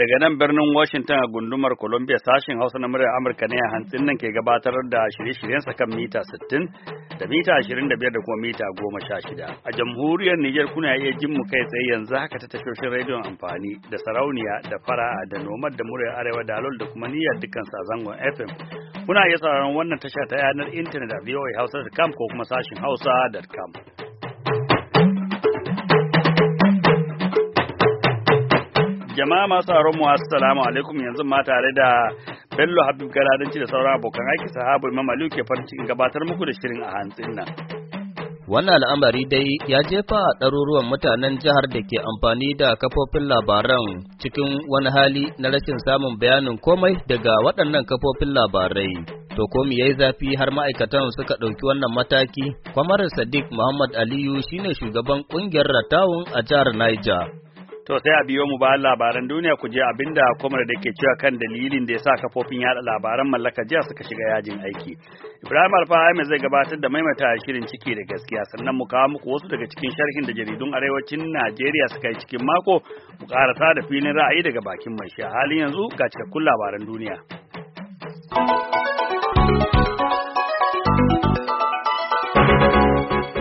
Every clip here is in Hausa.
daga nan birnin Washington a gundumar Columbia sashen Hausa na muryar Amurka ne a hantsin nan ke gabatar da shirye-shiryensa kan mita 60 da mita 25 da kuma mita 16. A jamhuriyar Nijar kuna iya jin mu kai tsaye yanzu haka ta tashoshin rediyon amfani da sarauniya da fara'a da nomad da muryar arewa da da kuma niyyar dukkan zangon FM. Kuna iya sauraron wannan tasha ta yanar intanet a voahausa.com ko kuma sashen hausa.com. Jama'a masu haron mu assalamu alaikum yanzu ma tare da Bello Habib Galadanci da sauran abokan aiki sahabu Imam Aliyu ke farin cikin gabatar muku da shirin a hantsin nan. Wannan al'amari dai ya jefa a ɗaruruwan mutanen jihar da ke amfani da kafofin labaran cikin wani hali na rashin samun bayanin komai daga waɗannan kafofin labarai. to ko me yayi zafi har ma'aikatan suka ɗauki wannan mataki kwamar sadiq muhammad aliyu shine shugaban ƙungiyar ratawun a jihar niger To sai a biyo mu ba labaran duniya ku je abinda kwamar da ke cewa kan dalilin da ya sa kafofin yada labaran mallaka jiya suka shiga yajin aiki. Ibrahim Alfahami zai gabatar da maimaita shirin ciki da gaskiya sannan mu kawo muku wasu daga cikin sharhin da jaridun arewacin Najeriya suka yi cikin mako mu karata da filin ra'ayi daga bakin mai shi. Halin yanzu ga cikakkun labaran duniya.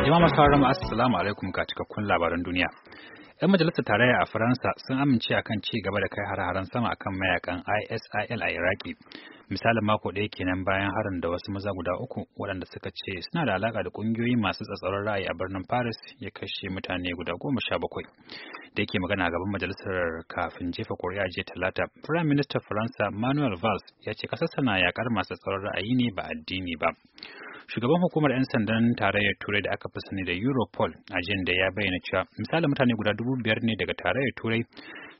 Jama'a masu assalamu alaikum ga cikakkun labaran duniya. 'Yan majalisar tarayya a Faransa sun amince akan ci gaba da kai har-haren sama akan mayakan ISIL a Iraki. Misalin mako ɗaya kenan bayan harin da wasu maza guda uku waɗanda suka ce suna da alaƙa da ƙungiyoyi masu tsatsauran ra'ayi a birnin Paris ya kashe mutane guda goma sha bakwai. Da yake magana a gaban majalisar kafin jefa kuri'a jiya talata, Firayim Ministan Faransa Manuel Valls ya ce ƙasarsa na yaƙar masu tsatsauran ra'ayi ne ba addini ba. Shugaban hukumar 'yan sandan tarayyar Turai da aka fi sani da Europol a jin da ya bayyana cewa misalin mutane guda dubu biyar ne daga tarayyar Turai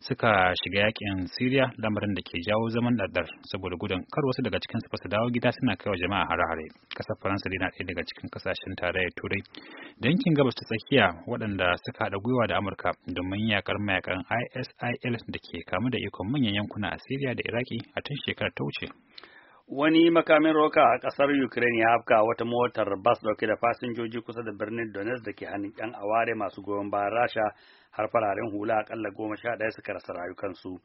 suka shiga yakin Siriya lamarin da ke jawo zaman ɗaɗɗar saboda gudun kar wasu daga cikin su su dawo gida suna kaiwa jama'a hare-hare. Kasar Faransa na ɗaya daga cikin kasashen tarayyar Turai da yankin gabas ta tsakiya waɗanda suka haɗa gwiwa da Amurka domin yakar mayakan ISIL da ke kamu da ikon manyan yankuna a Siriya da Iraki a tun shekarar ta wuce. wani makamin roka a ƙasar ukraine ya hafka wata motar bas dauke da fasinjoji kusa da birnin donetsk da ke hannun yan aware masu goyon bayan rasha har fararen hula akalla goma sha ɗaya suka rasa rayukansu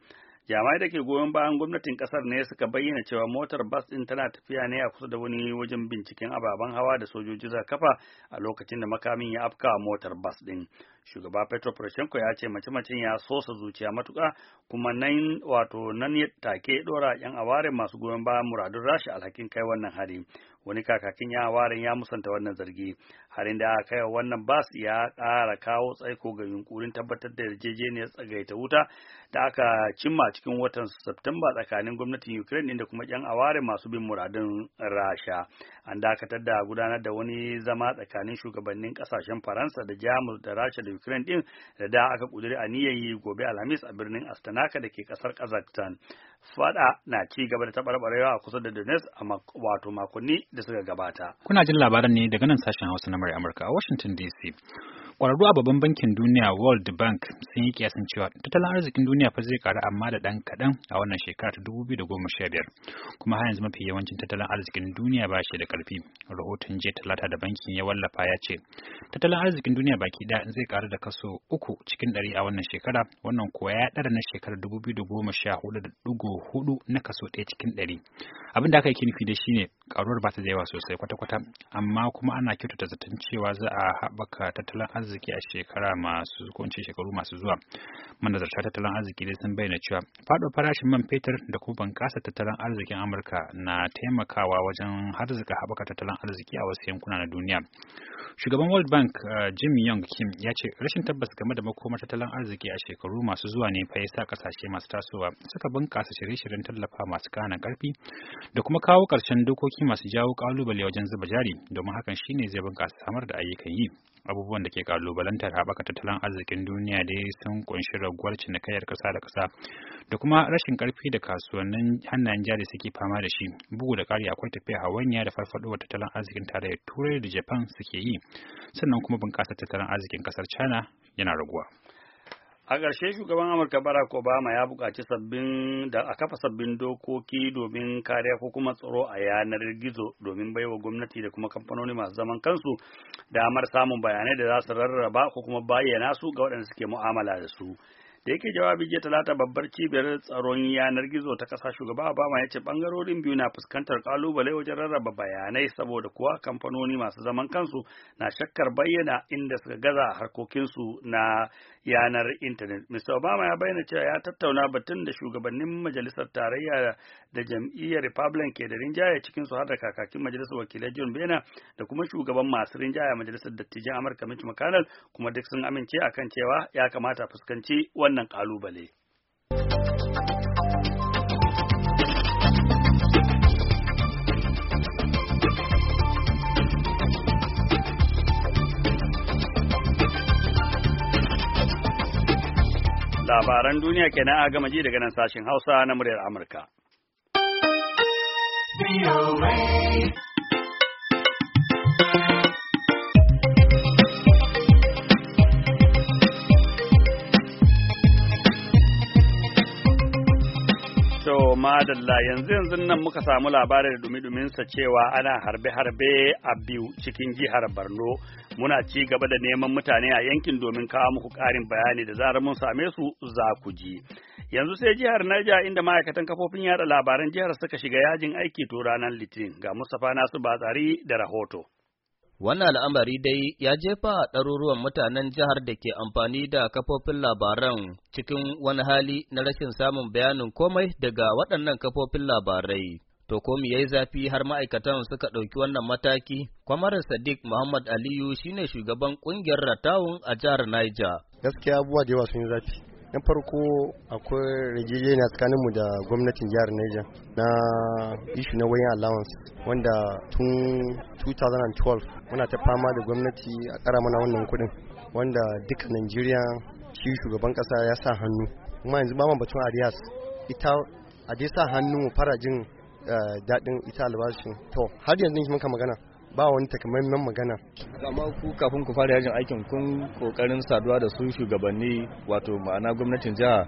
jami'ai da ke goyon bayan gwamnatin kasar ne suka bayyana cewa motar bas din tana tafiya ne a kusa da wani wajen binciken ababen hawa da sojoji za kafa a lokacin da makamin ya afka motar bas din shugaba petro poroshenko ya ce mace-macen ya sosa zuciya matuka kuma nan wato nan take dora yan aware masu goyon bayan muradun rashi alhakin kai wannan hari wani kakakin ya warin ya musanta wannan zargi har inda aka kai wannan bas ya ƙara kawo tsaiko ga yunkurin tabbatar da yarjejeniyar tsagaita wuta da aka cimma cikin watan Septemba tsakanin gwamnatin Ukraine inda kuma yan aware masu bin muradin Rasha an dakatar da gudanar da wani zama tsakanin shugabannin ƙasashen Faransa da Jamus da Rasha da Ukraine din da da aka a niyyar yi gobe Alhamis a birnin Astana da ke kasar Kazakhstan fada na ci gaba da tabarbarewa a kusa da Donetsk a wato makonni da suka gabata. Kuna jin labaran ne daga nan sashen Hausa na Amurka a Washington DC. Ƙwararru a babban bankin duniya World Bank sun yi kiyasin cewa tattalin arzikin duniya fa zai karu amma da ɗan kaɗan a wannan shekara ta biyar, kuma har yanzu mafi yawancin tattalin arzikin duniya ba shi da ƙarfi. Rahoton jiya talata da bankin ya wallafa ya ce tattalin arzikin duniya baki ɗaya zai karu da kaso uku cikin ɗari a wannan shekara wannan kuwa ya ɗara na shekarar 2014 da ɗigo hudu na kaso ɗaya cikin ɗari. Abin da aka yi kinifi da ne. karuwar ba ta da yawa sosai kwata-kwata amma kuma ana kyautata zaton cewa za a haɓaka tattalin arziki a shekara masu ko shekaru masu zuwa manazarta tattalin arziki dai sun bayyana cewa faɗo farashin man fetur da kuma bankasa tattalin arzikin amurka na taimakawa wajen harzika haɓaka tattalin arziki a wasu yankuna na duniya shugaban world bank uh, jim young kim ya ce rashin tabbas game da makomar tattalin arziki a shekaru masu zuwa ne fa ya yasa kasashe masu tasowa suka bunkasa shirye-shiryen tallafa masu kanan karfi da kuma kawo ƙarshen dokoki dokoki masu jawo kalubale wajen zuba jari domin hakan shine zai bunƙasa samar da ayyukan yi abubuwan da ke kalubalantar haɓaka tattalin arzikin duniya dai sun kunshi raguwar cinikayyar kasa da kasa da kuma rashin ƙarfi da kasuwannin hannayen jari suke fama da shi bugu da ƙari akwai tafiya hawanya da farfaɗowar tattalin arzikin tarayyar turai da japan suke yi sannan kuma bunƙasa tattalin arzikin ƙasar china yana raguwa A ƙarshe shugaban Amurka Barack Obama ya buƙaci sabbin da a kafa sabbin dokoki domin kariya ko kuma tsaro a yanar gizo domin baiwa gwamnati da kuma kamfanoni masu zaman kansu damar samun bayanai da za su rarraba ko kuma bayyana su ga waɗanda suke mu'amala da su. da yake jawabi jiya talata babbar cibiyar tsaron yanar gizo ta kasa shugaba obama ya ce bangarorin biyu na fuskantar kalubale wajen rarraba bayanai saboda kuwa kamfanoni masu zaman kansu na shakkar bayyana inda suka gaza harkokinsu na yanar intanet mr obama ya bayyana cewa ya tattauna batun da shugabannin majalisar tarayya da jam'iyyar republican ke da rinjaya cikin su har da kakakin majalisar wakilai john bena da kuma shugaban masu rinjaya majalisar dattijan amurka mitch mcconnell kuma duk sun amince akan cewa ya kamata fuskanci wani wannan ƙalubale. Labaran duniya kenan a gama ji daga nan sashen Hausa na muryar Amurka. VOA. madalla yanzu yanzu nan muka samu labarin dumi-duminsa cewa ana harbe-harbe a biyu cikin jihar Borno. Muna ci gaba da neman mutane a yankin domin kawo muku ƙarin bayani da zarar mun same su za ku ji. Yanzu sai jihar Niger inda ma'aikatan kafofin yada labaran jihar suka shiga yajin aiki to ranar Litinin ga Mustapha Nasu Batsari da rahoto. Wannan al'amari dai ya jefa a ɗaruruwan mutanen jihar da ke amfani da kafofin labaran cikin wani hali na rashin samun bayanin komai daga waɗannan kafofin labarai. To ko ya yi zafi har ma'aikatan suka ɗauki wannan mataki? Kwamarin Sadiq Muhammad Aliyu shine shugaban ƙungiyar Ratawun a jihar Niger. Gaskiya abubuwa da yawa sun yi zafi. na farko akwai rigijiyar tsakaninmu da gwamnatin jihar Niger na ishu na wayan allowance wanda tun 2012 muna ta fama da gwamnati a tsara mana wannan kudin wanda duka Najeriya shi shugaban kasa ya sa hannu kuma yanzu ba batun arias ita a dai sa hannu mu fara jin eh, daɗin ita albashin to har yanzu muka magana ba wani takamaiman magana. Amma ku kafin ku fara yajin aikin kun kokarin saduwa da su shugabanni wato ma'ana gwamnatin jiha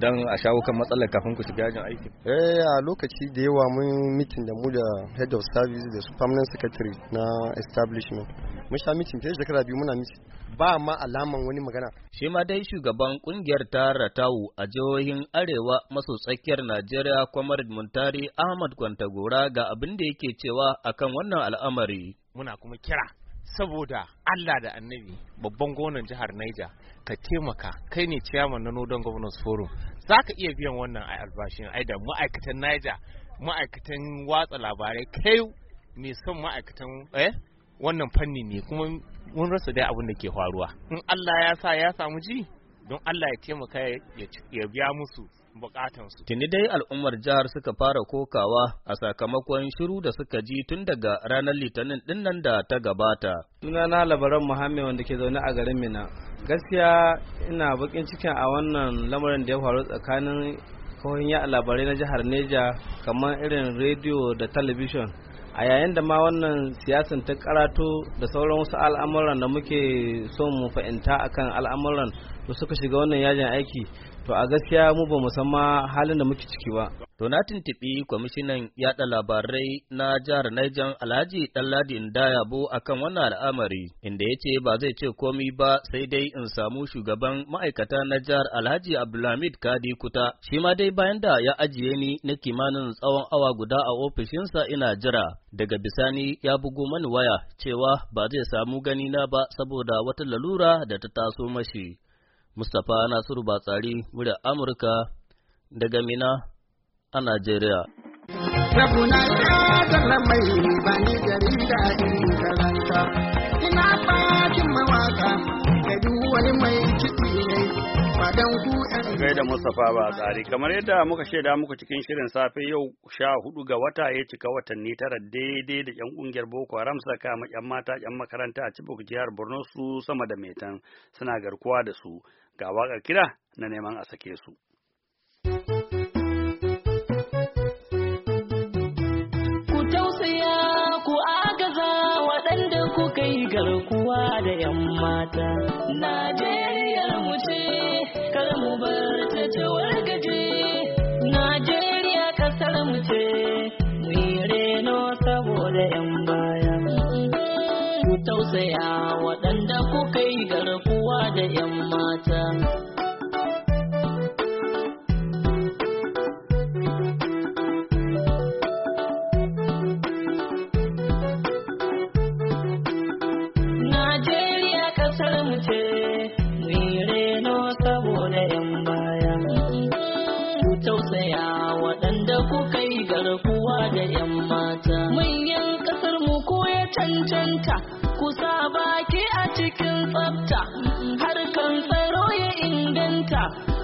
don a shawo kan matsalar kafin ku shiga yajin aikin. Eh a lokaci da yawa mun mitin da mu da head of service da su permanent secretary na establishment. mun sha mitin fiye shekara biyu muna mitin ba ma alaman wani magana shi ma dai shugaban kungiyar Tara ratawu a jihohin arewa maso tsakiyar najeriya kwamar muntari ahmad kwantagora ga abin da yake cewa akan wannan al'amari muna kuma kira saboda Allah da annabi babban gonan jihar Niger ka taimaka kai ne ciyaman na Nodon Governors Forum za ka iya biyan wannan a albashin aida ma'aikatan Niger ma'aikatan watsa labarai kai ne son ma'aikatan eh wannan fanni ne kuma mun rasa dai abin da ke faruwa in Allah ya sa ya samu ji don Allah ya taimaka ya biya musu bukatansu. Tuni dai al'ummar jihar suka fara kokawa a sakamakon shiru da suka ji tun daga ranar litinin dinnan da ta gabata. Sunana labaran muhammed wanda ke zaune a garin Mina. Gaskiya ina bakin cikin a wannan lamarin da ya faru tsakanin kawai ya labarai na jihar Neja kamar irin rediyo da talabijin a yayin da ma wannan siyasan ta karato da sauran wasu al'amuran da muke son mu fahimta akan al'amuran da suka shiga wannan yajin aiki to a gaskiya mu ba musamman halin da muke ciki ba. To na tuntuɓi kwamishinan yaɗa labarai na jihar Niger Alhaji Danladi Ɗanladi a akan wannan al'amari inda ya ce ba zai ce komi ba sai dai in samu shugaban ma'aikata na jihar Alhaji Abdulhamid Kadi Kuta shi ma dai bayan da ya ajiye ni na kimanin tsawon awa guda a ofishinsa ina jira daga bisani ya bugo mani waya cewa ba zai samu ganina ba saboda wata lalura da ta taso mashi. Mustapha Nasiru Batsari, murya Amurka daga Mina a Najeriya. ina bakin da Mustapha ba tsari, kamar yadda muka shaida muku cikin shirin safe yau sha hudu ga wata ya cika watanni tara daidai da 'yan kungiyar Boko Haram saka, kama 'yan mata 'yan makaranta a Cibok jihar Borno su sama da metan suna garkuwa da su. ga waƙar kira na neman a sake su. Ku tausaya ku agaza waɗanda ku kai garkuwa da 'yan mata. Najeriyar mu ce, kar mu bar ta ce gaje. Najeriya ƙasar mu ce, mu yi reno saboda 'yan baya. Ku tausaya waɗanda ku kai garkuwa da mata. Najeriya ƙasarmu ce, mu reno saboda 'yan baya. Ku tausaya waɗanda kukai garkuwa da 'yan mata. Manyan kasar mu ko ya cancanta.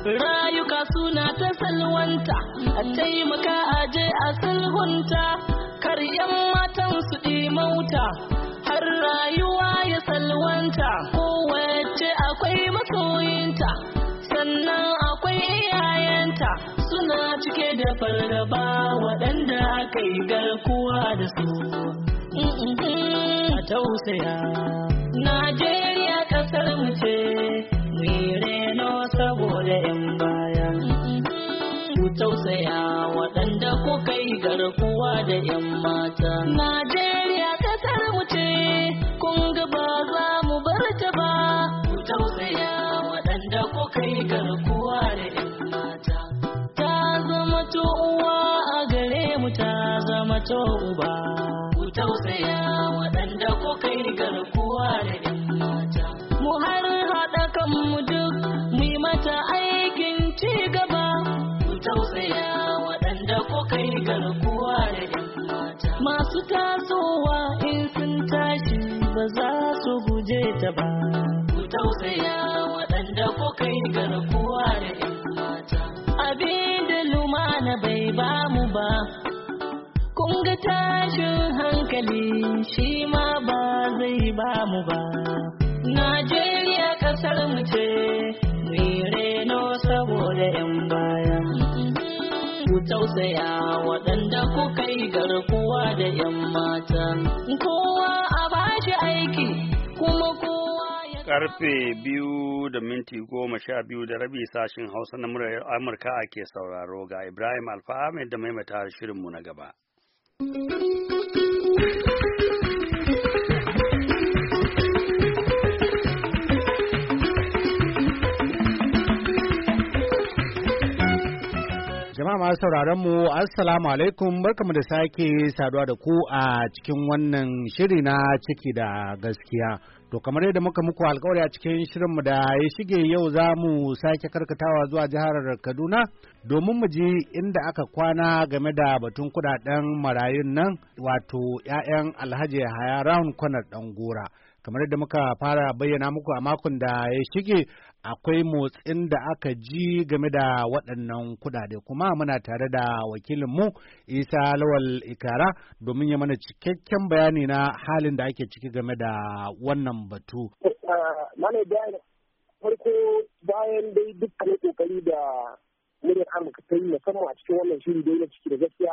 rayuka suna ta salwanta a taimaka aje a sulhunta kar yan matan su mauta har rayuwa ya salwanta kowace akwai masoyinta sannan akwai iyayenta suna cike da fargaba waɗanda aka yi garkuwa da su mm, mm, mm. a tausaya najeriya kai garkuwa da 'yan mata. tasowa in sun tashi ba za su guje ta ba. Ku tausaya waɗanda ko kai garkuwa da ‘yan mata. Abin da lumana bai ba mu ba, kun ga tashin hankali shi ma ba zai ba mu ba. Najeriya ƙasar mu ce, mu reno saboda ‘yan ba. tausaya waɗanda kuka yi garkuwa da 'yan mata. Kowa a bashi aiki kuma kowa ya Karfe biyu da minti goma sha biyu da rabi sashin Hausa na murar Amurka ake sauraro ga Ibrahim Alfa Ahmed da maimaita shirinmu na gaba. Jama'a masu sauraron mu Assalamu alaikum barkamu da sake saduwa da ku a cikin wannan shiri na ciki da gaskiya. To kamar yadda muka muku alkawari a cikin shirinmu da ya shige yau za mu sake karkatawa zuwa jihar Kaduna domin mu ji inda aka kwana game da batun kudaden marayun nan wato 'ya'yan Alhaji Haya Round Kwanar Dangora. kamar yadda muka fara bayyana muku a makon da ya shige akwai motsin da aka ji game da waɗannan kuɗaɗe kuma muna tare da wakilinmu isa lawal ikara domin ya mana cikakken bayani na halin da ake ciki game da wannan batu eh, ah, farko bayan dai dukkan kokari da muryar amurka ta yi musamman a cikin wannan shiri dai na ciki da gaskiya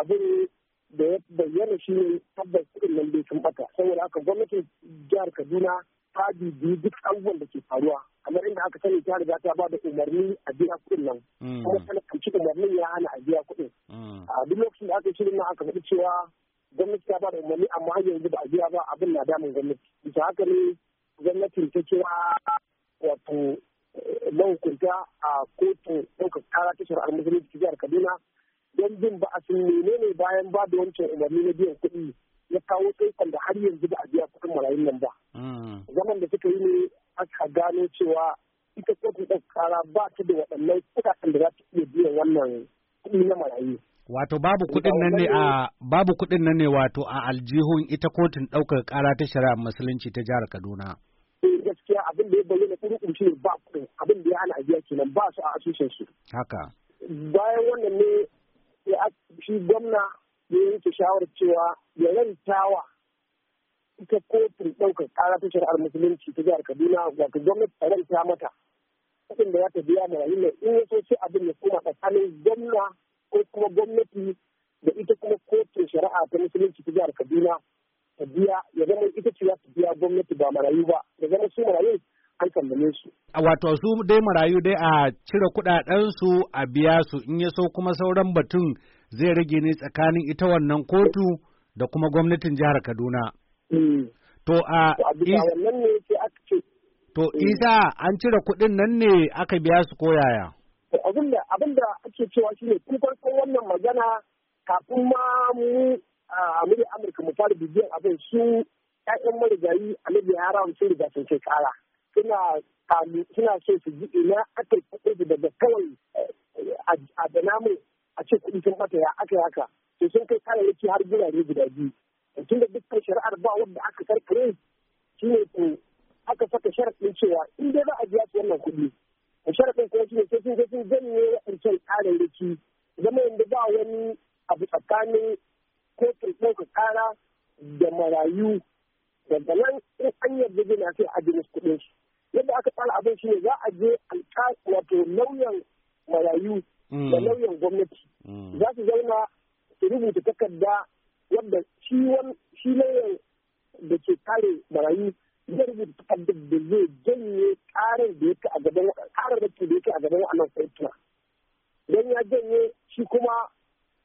abin da ya bayyana shi ne tabbas kuɗin nan bai sun bata saboda haka gwamnatin jihar kaduna ta bibiyi duk abubuwan da ke faruwa kamar inda aka sani ta riga ta ba da umarni a biya kuɗin nan mm. kuma talakanci umarnin ya hana a biya kuɗin mm. a duk lokacin da aka shirin nan aka faɗi cewa gwamnati ta ba da umarni amma har yanzu ba a biya ba abin na damun gwamnati bisa haka ne gwamnatin ta kira wato eh, mahukunta a kotun ɗaukar kara ta shari'ar musulunci jihar kaduna don jin ba a sun menene bayan ba da wancan umarni na biyan kuɗi ya kawo tsaikon da har yanzu ba a biya kuɗin marayun nan ba. Mm. Zaman da suka yi ne aka gano cewa ita kotun ɗan kara ba ta da waɗannan kuɗaɗen da za ta iya biyan wannan kuɗi na marayu. Wato babu kuɗin nan ne a babu kuɗin nan ne wato a aljihun ita kotun ɗaukar ƙara ta shari'a musulunci ta jihar Kaduna. Eh gaskiya abin da ya bayyana kuɗin shi ne ba kuɗin abin da ya hana a biya kenan ba su a asusun su. Haka. Bayan wannan ne ya shi gwamna ya yanke shawarar cewa ya rantawa ita kotun ɗaukar ƙara ta shari'ar musulunci ta jihar kaduna wato gwamnati ta ranta mata kuɗin da ya ta biya da rayu in ya so sai abin ya koma tsakanin gwamna ko kuma gwamnati da ita kuma kotun shari'a ta musulunci ta jihar kaduna ta biya ya zama ita ce za ta biya gwamnati ba marayu ba ya zama su marayu an su. Wato su dai marayu dai a cire kuɗaɗen su a biya su in ya so kuma sauran batun zai rage ne tsakanin ita wannan kotu da kuma gwamnatin jihar Kaduna. Mm. To a To mm. Isa an cire kuɗin nan ne aka biya su ko yaya? Abin da ake cewa shi ne tun farko wannan magana kafin ma mu a Amurka mu fara bibiyan abin su ƴaƴan marigayi ya yara sun riga sun kai kara. suna suna so su ji ina aka kuɗi daga kawai eh, a da namu a ce kuɗi sun mata ya aka haka to sun kai yake har gina ne guda biyu tun da dukkan shari'ar ba wanda aka karkare shi ne ko aka saka sharaɗin cewa in dai za a biya su wannan kuɗi sharaɗin kuma shi ne sai sun sun janye waɗancan yake zama yadda ba wani abu tsakanin kotun ɗauka kara da marayu daga nan in an yarda gina sai a jini kuɗin su yadda aka tsara abin shi ne za a je alƙa wato lauyan marayu da mm. lauyan gwamnati mm. za su zauna su rubuta takarda wadda shi lauyan da ke kare marayu zai rubuta takardar da zai janye karar da yake a gaban karar da ke da yake a gaban wannan kotuna don ya janye shi kuma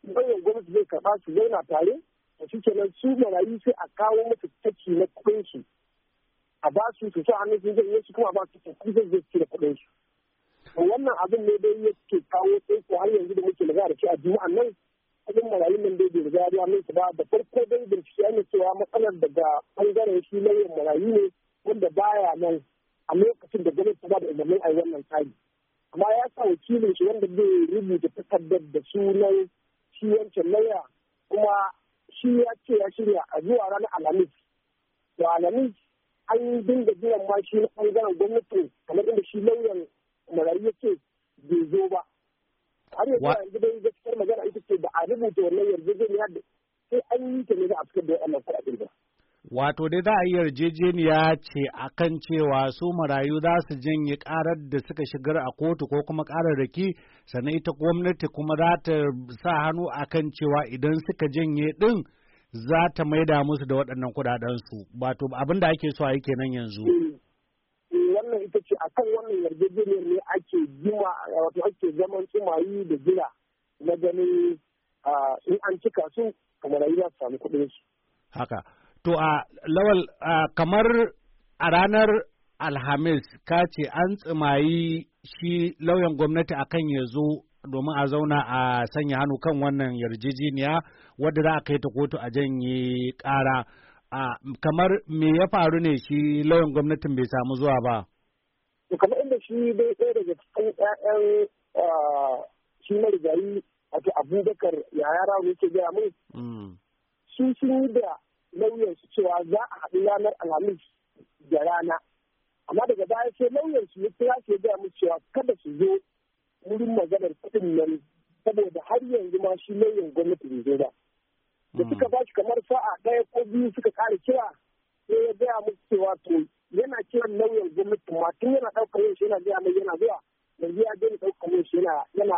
lauyan gwamnati zai karɓa su zauna tare da shi kenan su marayu sai a kawo masa taki na kuɗin a ba su su sa hannun sun zai su kuma ba su su kusa zai su da kuɗin su wannan abin ne dai ya ke kawo tsaiko har yanzu da muke magana da shi a juma'an nan abin marayun nan dai bai riga ya mai ba da farko dai bincike ne cewa matsalar daga bangaren shi lauyan marayu ne wanda baya nan a lokacin da gwamnati ba da umarnin a wannan tsari amma ya sa wakilin shi wanda zai rubuta takardar da sunan shi wancan lauya kuma shi ya ce ya shirya a zuwa ranar alhamis da alhamis an dinga biyan ma shi na ɓangaren gwamnati kamar inda shi lauyan marayu ce bai zo ba. Har yanzu dai gaskiyar magana ita ce ba a rubuta wannan yarjejeniya da sai an yi ta ne za a fitar da wannan kuɗaɗen ba. Wato dai za a yi yarjejeniya ce a kan cewa su marayu za su janye karar da suka shigar a kotu ko kuma kararraki sannan ita gwamnati kuma za ta sa hannu a kan cewa idan suka janye ɗin za ta maida musu da waɗannan su wato abin da ake so a yi kenan yanzu. wannan ita ce akan wannan yarjejeniyar ne ake jima wato ake zaman tsumayi da jira na ganin in an cika su kamar ayi za su samu kuɗin su. Haka. To a lawal kamar a ranar Alhamis ka ce an tsumayi shi lauyan gwamnati akan ya zo domin a zauna a sanya hannu kan wannan yarjejeniya wadda za a kai ta kotu a janye ƙara. Kamar me ya faru ne shi lauyan gwamnatin bai samu zuwa ba? Kamar inda shi bai ɗaya daga cikin ƴaƴan shi marigayi a ta abubakar yaya rawo yake gaya mun mm. su sun yi da lauyan su cewa za a haɗu ranar alhamis da rana amma daga baya sai lauyan su ya kira ke gaya mun cewa kada su zo wurin maganar kuɗin nan saboda har yanzu ma shi lauyan gwamnati bai zo ba. Da suka hmm. ba shi kamar sa'a ɗaya ko biyu suka kare kira sai ya gaya musu cewa to yana kiran lauyan gwamnati ma tun yana ɗaukar yau yana gaya mai yana zuwa yanzu ya gani ɗaukar yau yana yana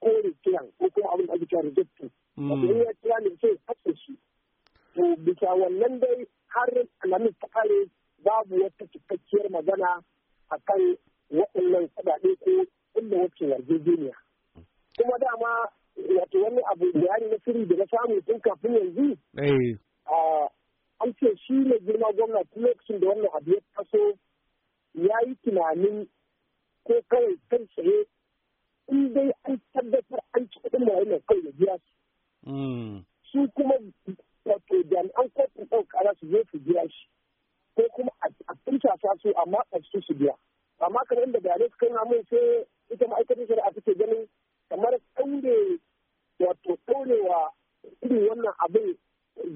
kore kiran ko kuma abin da ake kira hmm. Wato ya kira ne sai ya shi. To bisa wannan dai har alamin ta kare babu wata cikakkiyar magana akan waɗannan kuɗaɗe ko inda wacce yarjejeniya kuma dama wato wani abu bayani na siri da na samu tun kafin yanzu eh. an ce shi ne girma gwamna tun lokacin da wannan abu ya taso ya yi tunanin ko kawai kan tsaye in dai an tabbatar an ci kuɗin mai wannan kawai da biya su hmm. su kuma wato jami'an kotun ɗaukara su je su biya shi ko kuma a tuntasa su amma a su su biya amma kamar da bayanai suka yi mun sai ita ma'aikatar shari'a suke ganin kamar ɗaure wato ɗaurewa irin wannan abin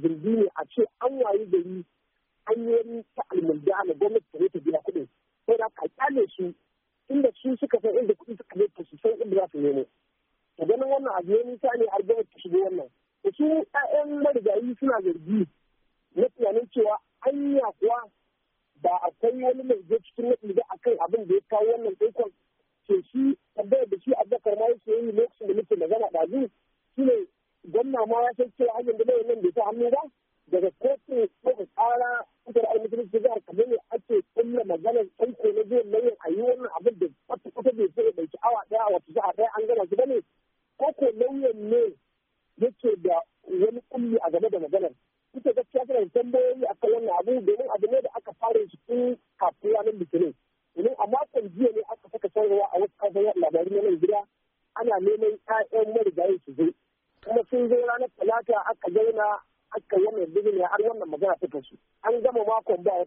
zirgi ne a ce an wayi gari an yi wani ta'almin da na gwamnati ta ta biya kuɗin sai da ka kyale su inda su suka san inda kuɗi suka ta su san inda za su nemo ta ganin wannan abu ne nisa ne har gwamnati ta shiga wannan da su ƴaƴan marigayi suna zargi na tunanin cewa an yi kuwa ba akwai wani mai je cikin naɗi ba kan abin da ya kawo wannan ɗaukar ke shi tambayar da shi abubakar ma yake yi lokacin da muke magana ɗazu shi ne gwamna ma ya sai cewa hanyar da bai nan bai ta hannu ba daga kotun ɗaukar tsara kusa da ainihin jihar ne ake kulle maganar ɗanko na biyan lauyan a yi wannan abin da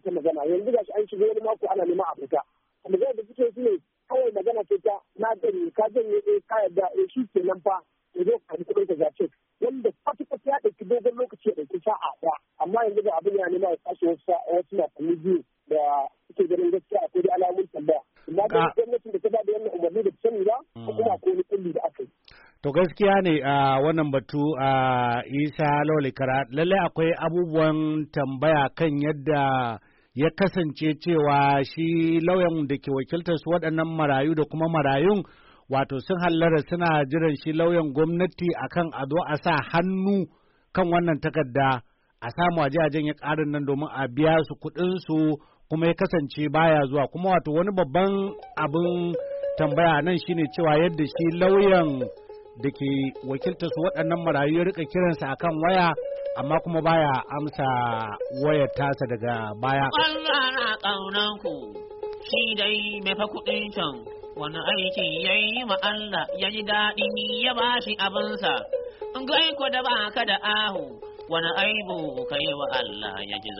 ta magana yanzu ga shi an shigo wani mako ana neman a fita magana da suke shine kawai magana ce ta na gani ka janye eh ka yarda eh shi kenan fa ya zo ka kuɗin ka zace wanda kwata kwata ya ɗauki dogon lokaci ya ɗauki sa'a ɗaya amma yanzu ga abin ya nema ya tashi wasu kuma biyu da suke ganin gaskiya akwai da alamun tambaya amma ga gwamnatin da ta ba da wannan umarni da ta sani ba hmm. kuma ko wani kulli da aka yi To gaskiya ne a wannan batu a Isa Lawli lallai akwai abubuwan tambaya kan yadda ya kasance cewa shi lauyan da ke wakiltar su waɗannan marayu da kuma marayun wato sun hallara suna jiran shi lauyan gwamnati akan a zo a sa hannu kan wannan takarda a samu a jajen ya ƙarin nan domin a biya su kuɗin su kuma ya kasance baya zuwa kuma wato wani babban abin tambaya nan shine cewa yadda shi lauyan da ke wakiltar su waɗannan marayu ya rika kiransa akan waya amma kuma baya amsa wayar tasa daga baya. Allah na ƙaunan ku, shi dai mai fa kuɗin can, wani aiki ya yi ma Allah ya ji daɗi ya ba shi abinsa, gai ku da ba ka da ahu. Wani aibu ka yi wa Allah ya ji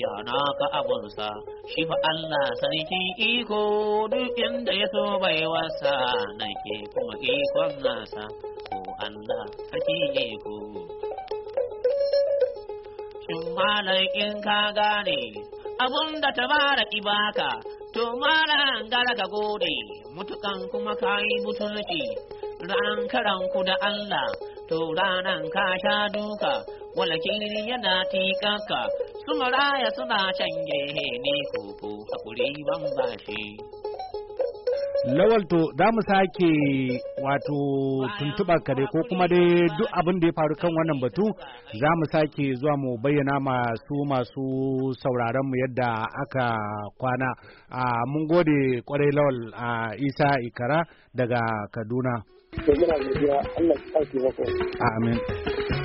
ya naka abinsa. shi fa Allah sarki iko duk inda ya so bai wasa, nake kuma ikon nasa, ko Allah sarki iko. malam in ka gane abun da bara ibaka to malam gara ka gode mutukan kuma ka yi mutunci ran ku da Allah to ranan ka sha duka walakin yana tikaka su maraya suna canje ne koko hakuri ban bashi. Lawal to za mu sake wato tuntuɓar ka dai ko kuma dai duk abin da ya faru kan wannan batu za mu sake zuwa mu bayyana masu masu sauraron mu yadda aka kwana. Mun gode kwarai Lawal a Isa Ikara daga Kaduna. Amin.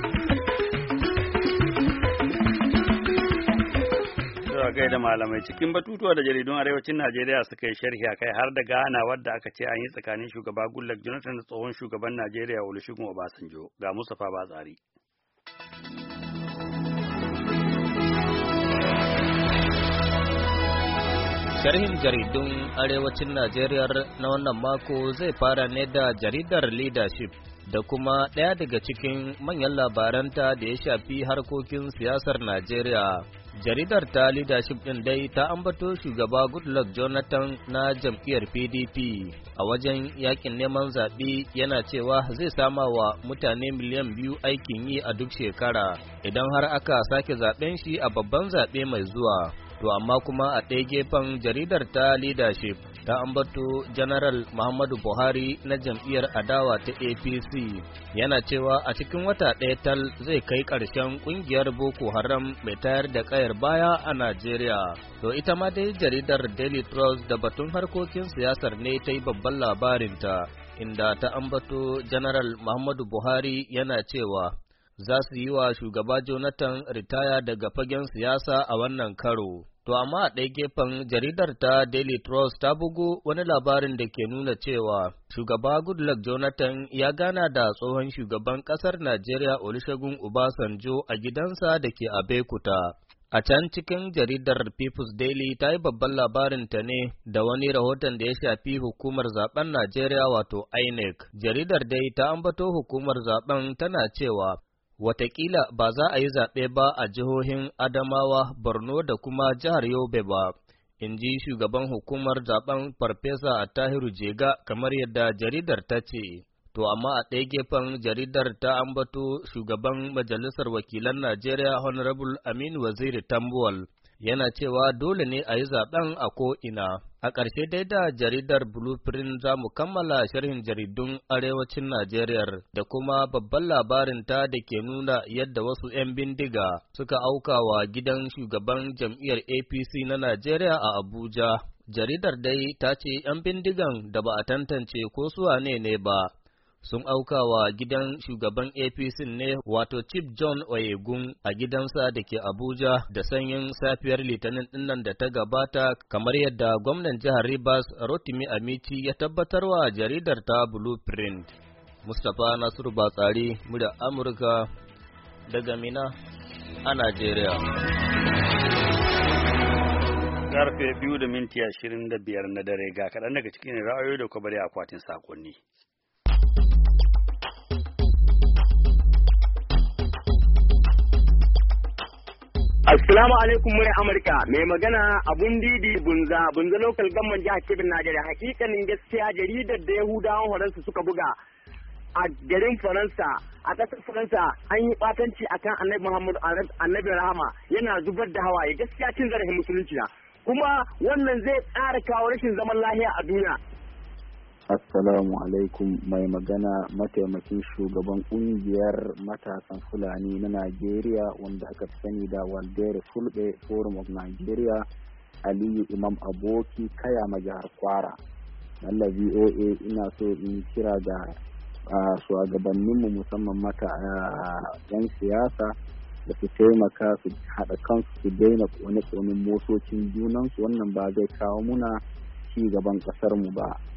a da malamai cikin batutuwa da jaridun arewacin Najeriya suka yi sharhi a kai har da gana wadda aka ce an yi tsakanin shugaba Gullak Jonathan da tsohon shugaban Najeriya Olusegun Obasanjo ga Mustapha Batsari. Sharhin jaridun arewacin Najeriya na wannan mako zai fara ne da jaridar leadership da kuma ɗaya daga cikin manyan labaranta da ya shafi harkokin siyasar Najeriya. Jaridar ta leadership ɗin dai ta ambato shugaba Goodluck Jonathan na jam'iyyar PDP a wajen yakin neman zaɓe yana cewa zai sama wa mutane miliyan biyu aikin yi a duk shekara idan har aka sake zaɓen shi a babban zaɓe mai zuwa. To amma kuma a ɗaya gefen jaridar ta leadership ta ambato Janaral Muhammadu Buhari na jam'iyyar adawa ta APC yana cewa a cikin wata ɗaya tal zai kai ƙarshen ƙungiyar Boko Haram mai tayar da ƙayar baya a Najeriya. To ita ma dai jaridar Daily Trust da batun harkokin siyasar ne ta yi babban labarinta inda ta ambato Janaral Muhammadu Buhari yana cewa za su yi wa shugaba Jonathan ritaya daga fagen siyasa a wannan karo. To amma a ɗaya gefen jaridar ta Daily Trust ta bugu wani labarin da ke nuna cewa shugaba Goodluck Jonathan ya gana da tsohon shugaban ƙasar Najeriya Olusegun Obasanjo a gidansa da ke Abekuta. A can cikin jaridar People's Daily ta yi babban labarin ta ne da wani rahoton da ya shafi hukumar zaben Najeriya wato INEC. Jaridar dai ta ambato hukumar zaben tana cewa Wataƙila ba za a yi zaɓe ba a jihohin Adamawa, Borno da kuma jihar Yobe ba, in ji shugaban hukumar zaɓen Farfesa a Tahiru Jega kamar yadda jaridar ta ce. To amma a ɗaya gefen jaridar ta ambato shugaban Majalisar Wakilan Najeriya Honorable Aminu Waziri Tambuwal yana cewa dole ne a yi zaben a ko'ina. A ƙarshe dai da jaridar Blueprint za mu kammala sharhin jaridun arewacin Najeriya da kuma babban labarin ta da ke nuna yadda wasu 'yan bindiga suka auka wa gidan shugaban jam'iyyar APC na Najeriya a Abuja. Jaridar dai ta ce 'yan bindigan da ba a tantance ko suwa ne ne ba sun auka wa gidan shugaban APC ne wato Chief John Oyegun a gidansa da ke Abuja da sanyin safiyar Litinin dinnan da ta gabata kamar yadda gwamnan jihar Rivers Rotimi Amici ya wa jaridar ta Blueprint. Mustapha Nasiru Batsari, murya Amurka daga Mina a Najeriya. Karfe biyu da minti ashirin da biyar na dare ga kaɗan daga cikin ra'ayoyi da kwabari akwatin sakonni. Assalamu alaikum murai Amurka mai magana abun didi bunza bunza lokal gamman jihar Kebbi Najeriya hakikanin gaskiya jaridar da Yahudawan Faransa suka buga a garin Faransa a ƙasar Faransa an yi batanci akan Annabi Muhammadu Annabi Rahama yana zubar da hawaye gaskiya cin zarafin musulunci na kuma wannan zai tsara kawo rashin zaman lahiya a duniya Assalamu alaikum mai magana mataimakin shugaban ƙungiyar matasan Fulani na Najeriya wanda aka fi sani da Waldere Fulbe Forum of Nigeria Aliyu Imam Aboki Kaya Majahar Kwara. Allah VOA ina so in kira ga a shugabanninmu musamman mata yan siyasa da su taimaka su haɗa kansu su daina kone-konen motocin junansu wannan ba zai kawo muna ci gaban ƙasarmu ba.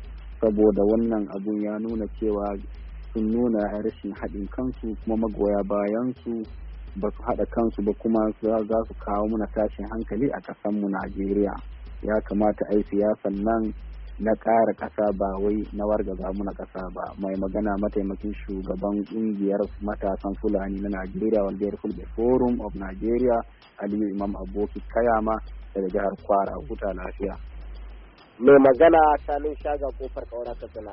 saboda wannan abun ya nuna cewa sun nuna rashin haɗin kansu kuma magoya bayansu ba su haɗa kansu ba kuma za su kawo muna tashin hankali a ƙasanmu najeriya ya kamata a yi siyasan nan na ƙara ƙasa ba wai na wargaza muna ƙasa ba mai magana mataimakin shugaban ƙungiyar matasan fulani na najeriya wanda ya forum of nigeria aliyu imam aboki kayama daga jihar kwara huta lafiya mai magana shanun shaga kofar kaura katsina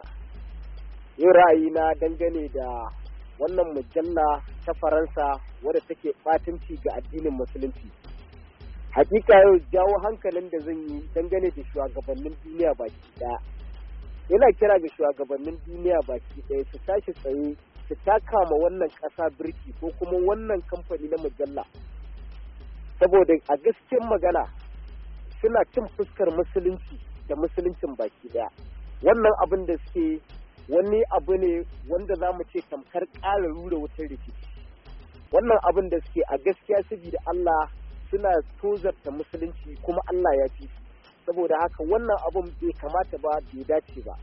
yin ra'ayina dangane da wannan mujalla ta faransa wadda take batunci ga addinin musulunci hakika yau jawo hankalin da zan yi dangane da shugabannin duniya baki daya yana kira ga shugabannin duniya baki daya su tashi tsaye su taka ma wannan ƙasa birki ko kuma wannan kamfani na mujalla saboda a gaskiyar magana suna cin fuskar musulunci da musuluncin baki daya wannan abin da suke wani abu ne wanda za mu ce tamkar ƙara rura wutar rikici wannan abin da suke a gaskiya da Allah suna tozarta musulunci kuma Allah ya fi saboda haka wannan abin bai kamata ba bai dace ba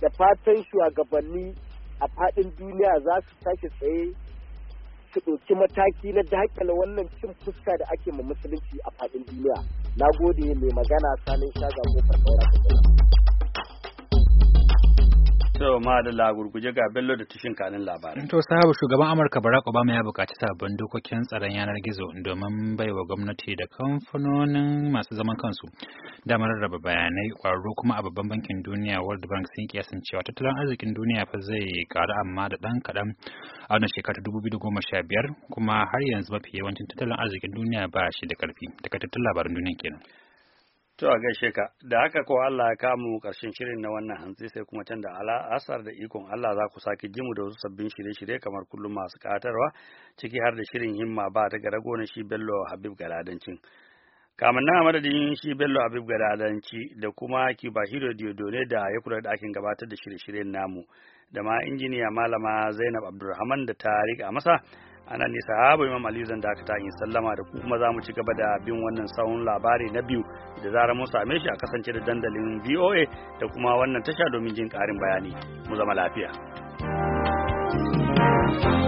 da fatan shugabanni a faɗin duniya za su tashi tsaye ta ɗauki mataki na dakile wannan cin fuska da ake ma musulunci a faɗin duniya. Na gode mai magana sanin shaga ko farfara. To da lagurguje ga Bello da tushen kanin labarin. To sahabu shugaban Amurka Barack Obama ya bukaci sabbin dokokin tsaron yanar gizo domin baiwa gwamnati da kamfanonin masu zaman kansu damar raba bayanai ƙwararru kuma a babban bankin duniya World Bank sun kiyasan cewa tattalin arzikin duniya fa zai karu amma da dan kaɗan a wannan shekarar 2015 kuma har yanzu mafi yawancin tattalin arzikin duniya ba shi da ƙarfi. Takaitattun labarin duniya kenan. To a gaishe ka, da haka ko Allah ya kamu ƙarshen shirin na wannan hantsi sai kuma can da ala asar da ikon Allah za ku sake jimu da wasu sabbin shirye-shirye kamar kullum masu katarwa ciki har da shirin himma ba ta gara gona shi Bello Habib Galadancin. Kamar na madadin shi Bello Habib Galadanci da kuma Kiba Hiro Diodone da ya kula da ɗakin gabatar da shirye-shiryen namu da ma injiniya malama Zainab Abdulrahman da Tariq a masa ana ne sahaba imam aliyu zan dakata yin sallama da kuma za mu ci gaba da bin wannan sawun labari na biyu da zarar mun same shi a kasance da dandalin voa da kuma wannan tasha domin jin karin bayani mu zama lafiya thank you